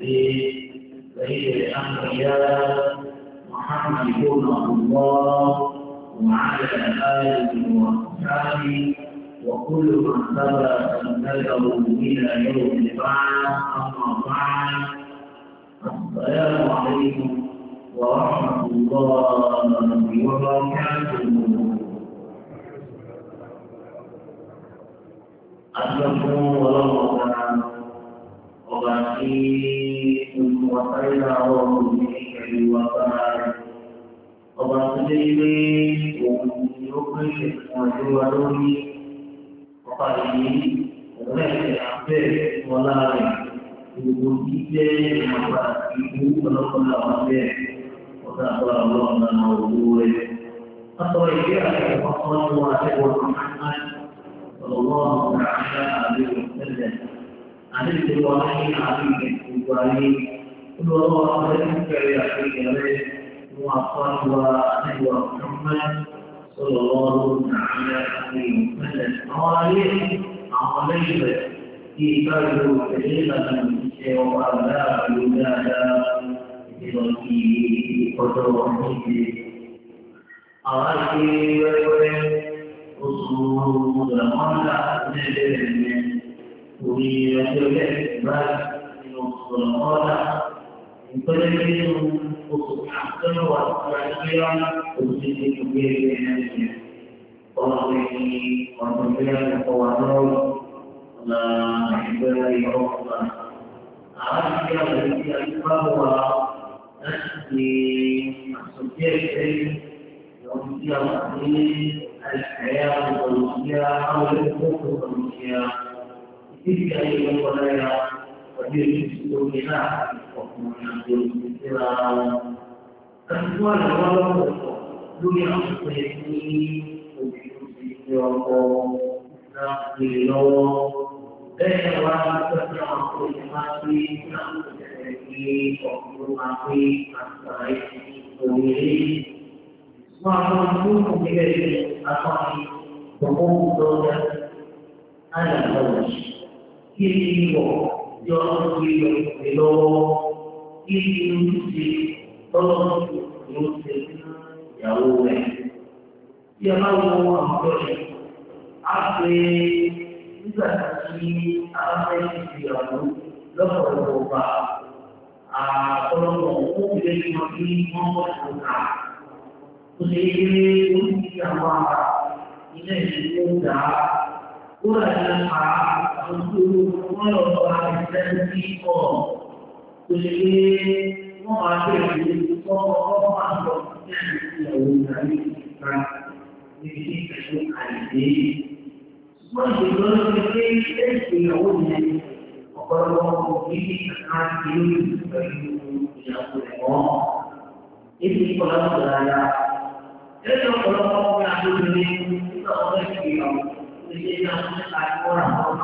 بسيد محمد بن الله وعلى آله وأصحابه وكل من تبع سنته إلى يوم البعث أما بعد السلام عليكم ورحمة الله وبركاته أسلموا ورحمة الله وبعثيكم وخير ربكم وقال وبعثيكم يخرج وجوه روحي وقلبي وغير عبد ولا غير Ibu-ibu yang ibu kalau kalau ada, kita Allah dan Rasul. Atau ia adalah Rasulullah Muhammad Sallallahu Alaihi Wasallam. அதில் குருவாகி ஆகி ஆகியவர்களே ويتابع بعض الصلاة يقدم خطوط أحسن وأحسن وتزيد كبير بأنفسه قاضي وتنبيه القوانين لا نحب ربنا عارف يا بنتي الفروة نسلي السجاد يوم الدين الحياة والمسيا أو الحقوق والمسيا ini kali ini pada ya pada ini kita mengambil kita semua dalam dunia ini untuk video nak hilo dan orang terjemah pun masih nak jadi pokok api asai semua orang pun mungkin ada apa pokok dan ada pokok kí yọ yọ kí yọ ìpè lọ́wọ́ kí ti tọ́lọ́ ní o ti ìyàwó rẹ̀. Bí bá wọ àwọn ọ̀rẹ́ a nígbà tí a fẹ́ ìyàwó lọ́pọ̀lọpọ̀ bá àtọ́lọ́pọ̀ ó fi lé ní bí wọ́n mọ̀ tó ká. Ó ṣe é gbé orí àwọn ilé ìlú dá ó rà ní àá. 我有做了一些工作，就是我把自己我我把我自己身体弄干净，是吧？自己身体干净，所以我就是对对这个问题，我个人自己身体健康，所以不要说我，这是个人的，这是个人个人决定，这都是自己的，自己个人的爱好。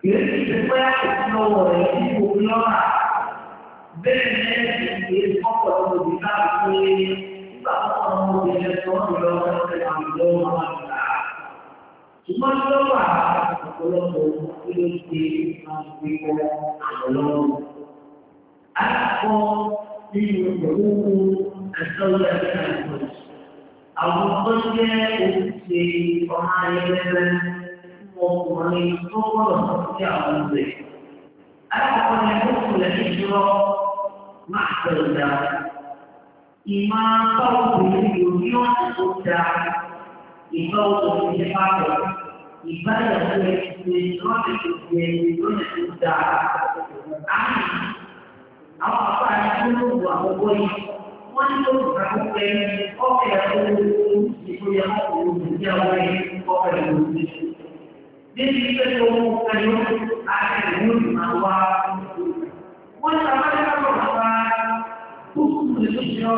kìí ṣe ìdúpẹ́ àkókò rẹ̀ ní omi lọ́nà bẹ́ẹ̀ ni ẹ̀sìn kìí kọ́kọ́ ọmọdé náà pé nígbà kọ́kọ́ ọmọdé yẹn tó ń lọ ọ̀sẹ̀ àwùjọ ọmọ àgbà. ṣùgbọ́n tí ó wà ọ̀pọ̀lọpọ̀ kí ló ṣe máa fi kọ́ àwọn lọ́rùn. alákọ̀ nínú òwúwo àtọ́wọ́ ẹ̀ka ìgbọ̀nsẹ̀ àwọn tó jẹ́ ojúṣe ọmọ ayẹyẹ وقرني صور يا عزيزي أكبر يحب الهجرة محفل دا إما صوت يليون قدع يصوت في حق يبدأ في الإسلام يليون قدع أعلم أعطى يكون وأقول وانتم تحبين أوكي أقول يقول يا أقول يا أقول يا أقول يا أقول níbi ilé tó mú ẹni ó àti ìlú ìmọ̀ wá. Wọ́n ti àwọn akẹ́kọ̀ọ́ bàbá kúkú ní sísọ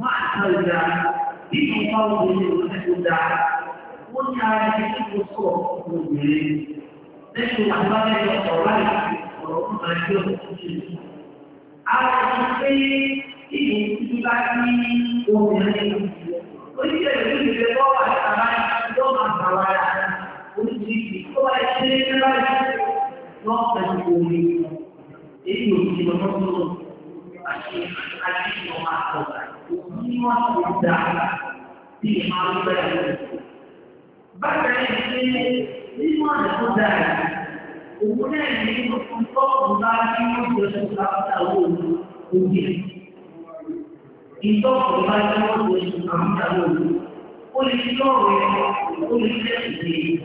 máa ta ìdá nínú báwo ni ìlú ẹ̀kọ́ dá. Wọ́n ti ara ẹni tó kó sọ̀ ọ̀pọ̀ obìnrin. Lẹ́yìn àwọn akẹ́kọ̀ọ́ ọ̀rọ̀ láti ọ̀rọ̀ fún máa jẹ́ òkúté. Àwọn ọ̀rọ̀ pé ìlú ti bá ní obìnrin. Oníṣẹ́ ìlú ìlú ẹ̀kọ́ wà sára sendiri. Kalau ada yang lain, nafsu yang boleh. Ini mungkin orang tuh asyik asyik memakai. Ini masuk dalam di hari baru. Bagai ini, ini masuk dalam. Umumnya ini untuk mengalami musibah tahun mungkin. Itu kembali musibah tahun. Oleh itu, oleh itu,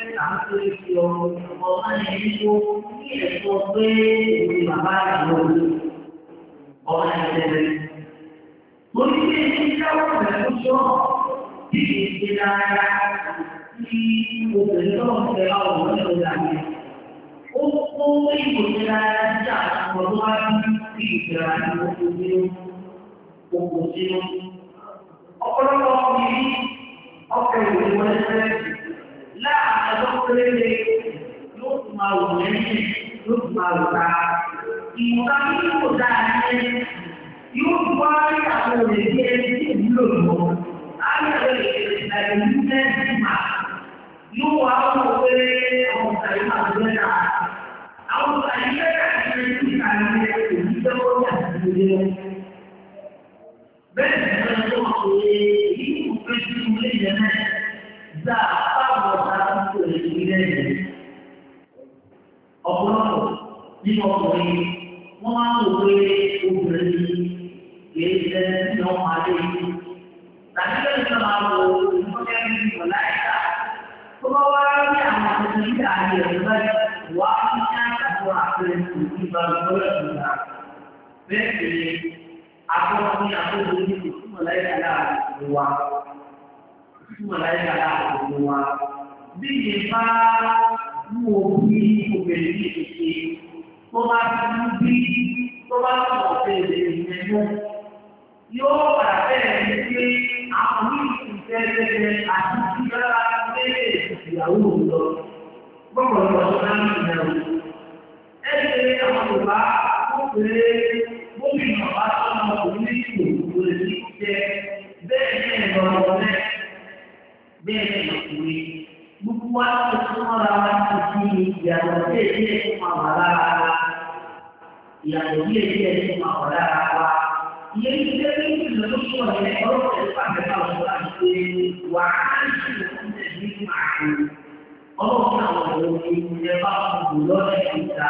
àtúntò ìfi ọmọ ọmọ náà ní ẹ̀sọ́ pé èmi bàbá ìyàwó ọmọ ẹ̀jẹ̀ mo ní pé ní káwọn ọ̀rẹ́ tó sọ bí kì í ṣe obìnrin náà fẹ́ àwọn ọmọ náà dàbí. ó kó ìbò ṣe dáadáa sí àwọn ọmọ náà bí ìgbéra ní oko sínú. ọ̀pọ̀lọpọ̀ ọmọ yìí lélẹ̀ yóò tún máa wò lẹ́yìn yóò tún máa wò ta. Ìwọ̀nba tí kò dáa ní yóò tún wá rí àwọn olè bí ẹni tí ò nílò lọ. Ayọ̀lẹ̀ ìgbàgbọ́ ní mẹ́rin mà yóò wá wọ́n pé àwọn ọ̀sà máa gbẹ́ náà. Àwọn ọ̀sà yìí bẹ́ẹ̀ ẹni tí ìgbà ní èyí tó wọ́n yà sí ilé. Bẹ́ẹ̀ ni wọ́n sọ nínú ọkùnrin wọ́n á wò pé obìnrin kìí ṣe nínú ọmọdé yìí. Tàbí lórí náà máa wo ìfọ́jẹ́ ní ìwọ̀lá ẹ̀ka. Tó bá wá rí àwọn ọmọdé ní ààyè ẹ̀rọ wá fún ní àtàkùn àpẹẹrẹ òbí bá lọ́wọ́ ìgbà. Bẹ́ẹ̀ sì ni àkọ́kọ́ ní àkókò ní ìtumọ̀ láìka láàrin wa. Ìtumọ̀ láìka láàrin wa. Bí ìyẹn mú òbí obìnrin ní ìṣe tó máa dúdú bí tó bá tó mọ̀ pé èdè ìyẹn mú. Yóò padà bẹ́ẹ̀ ni pé àwọn oníṣòwò tẹ́lẹ̀ àti ìgbéra lélẹ̀ ìyàwó lọ. Gbọ́dọ̀ lọ sí náà nìyẹn o. Ẹ ṣe àwọn Yorùbá ó pè é gómìnà bá sọ́nà oníṣòwò tó lè ní jẹ bẹ́ẹ̀ ní ẹ̀rọ ọ̀rẹ́ bẹ́ẹ̀ ní ọkùnrin. Gbogbo wa ló ti mọ́ra wa ti fi ìyàwó tẹ̀lé fún àwọn alára ìyàtọ̀ ní èyí ẹni tó máa wọ̀ lára wa. Ìyẹn ti ní ìlú tó sọ yẹn ọ̀rọ̀ ẹ̀fà mẹ́fà ọ̀rọ̀ láti ṣe wà á ṣì ṣe ní màáyé. Ọlọ́run àwọn ọ̀rọ̀ ni ẹ bá kù lọ́dẹ̀ ìta.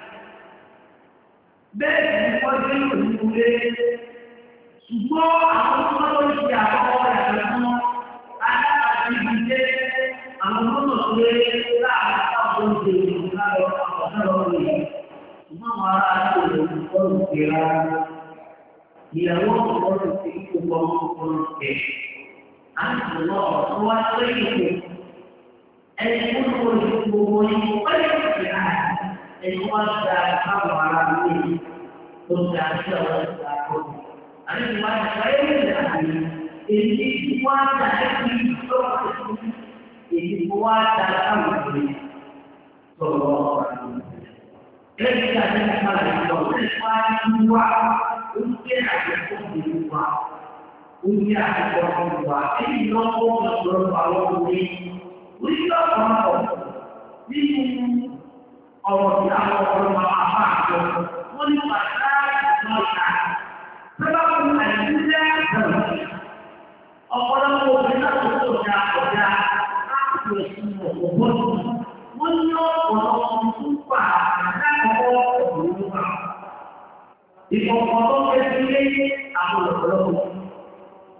bẹ́ẹ̀ ni wọ́n ti lò ní ilé ṣùgbọ́n àwọn ọmọ tó ń ṣe àkọ́kọ́ rẹ̀ fún aláàbí ìdílé àwọn ọmọ tó lé láàrín àwọn oúnjẹ ìlú àwọn ọ̀dọ́ rẹ̀ ṣùgbọ́n àwọn ará àti olùkọ́ ló ti ra ìyàwó ọ̀pọ̀ ló ti kó bọ́ ọ̀pọ̀ ló ti àti lọ wọ́n wá lórí ìlú ẹni tó ń wọlé gbogbo ní wọ́n yóò ti rà ในวันจันทร์ข้ามวันนี้ตรงกันที่เราจะทำอันนี้มันเป็นอะไรอินทรีย์วันจันทร์ที่ต้องทำอินทรีย์วันจันทร์ข้ามวันนี้ตรงกันเรื่องที่จะทำอะไรต้องใช้ความว่าอุปนิสัยของคุณว่าอุปนิสัยของคุณว่าที่เราต้องการจะรู้ว่าเราต้องการอะไรวิธีการของเรา Allah tidak mau bermaafan pun pada mereka. Sebab mereka tidak berhenti. Orang mau bina untuk jaga jaga aku semua kubur. Menyok orang tua dan orang tua. Di pokok kecil aku berlalu.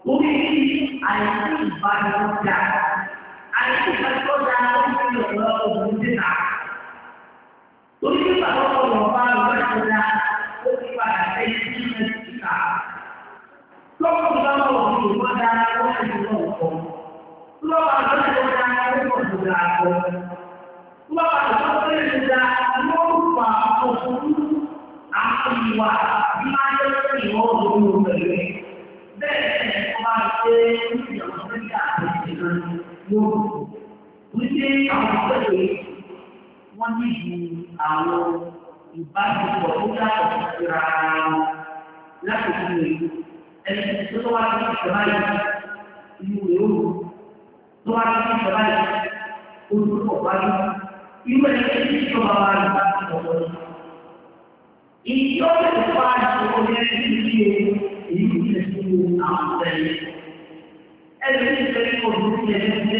Umi ini ayat ini bagus jaga. Ayat ini Doni yuwe a dolo mout avan jan, g gebli sat eny, apat san. Tyon mout go llopi ou se wan jan, konen yuwe o. Su yon akbante nanj Колou sidat, mout ilanj, yon lup ap, an sou elp ou. Aple liwa, biman jouni ho trouve yor hey. Ten sa amate, yon coloca apen ki jan, yon koutou. coś renti an mout Gregway, wan jip mo. àwọn ìbáṣepọ̀ tó dáàbò tó tẹ́ra àwọn láti fi lè ẹni tó tó wá sí ìṣọ̀bá yìí inú rẹ̀ ó lò tó wá sí ìṣọ̀bá yìí ó lò pọ̀ báyìí inú ẹni tó ti tó wá wá nípa tó pọ̀ lọ́wọ́. Ìdí ọ̀rẹ́ tó wá ìṣòro ní ẹni tó ti lè èyí kò tẹ̀ sí ní àwọn ọ̀sẹ̀ yìí. Ẹni tó ti tẹ̀lé kò tó ti ẹ̀ lẹ́sẹ̀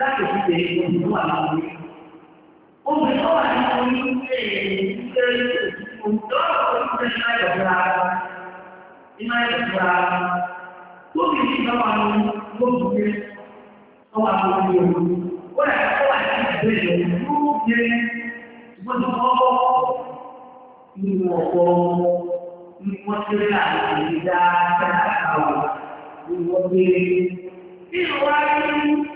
láti fi Obìnrin wà ní orí ṣe ṣe òǹtọ́ òṣìṣẹ́ ní ayọ̀ fúnra wa. Nínú ayọ̀ ní ìjọba ní gbogbo yẹn tó wà Ó kó wà ní ìgbésẹ̀ ní wọ́n ti rí àwọn dáadáa gbé. Bí ìwádìí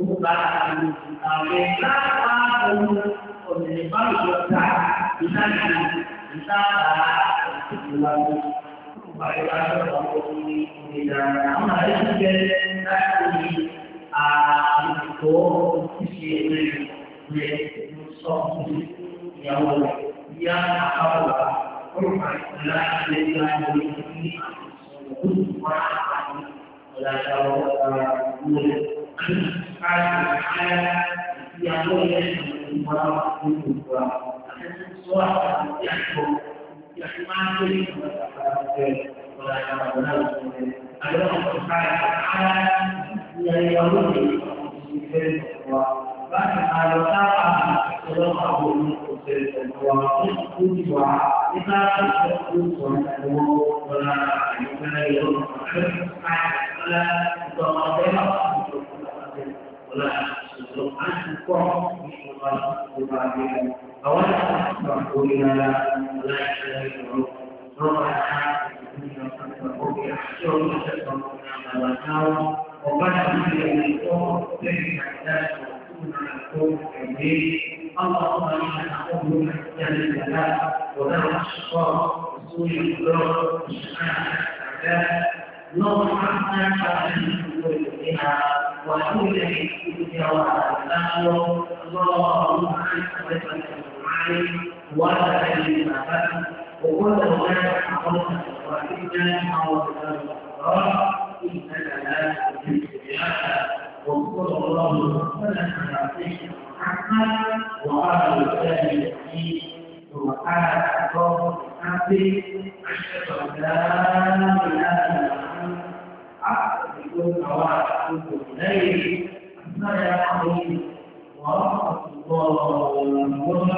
bukan betapa pun penyebab dosa kita ini kita dapat mengulangi perbaikan sesuatu ini tidak nama juga tapi itu sisi ini menusuk yang yang apa perbaikan dengan ini semua orang kalau mulut kalau ada yang boleh yang boleh yang mampu اللهم انت خير المعاني ولا الإمامات وكل هناك عملنا وإنا عوضنا الأخبار لا نريد بهذا الله وسلم على سيدنا محمد وعلى آله أشهد أن لا إله إلا أنت أستغفرك ورحمة الله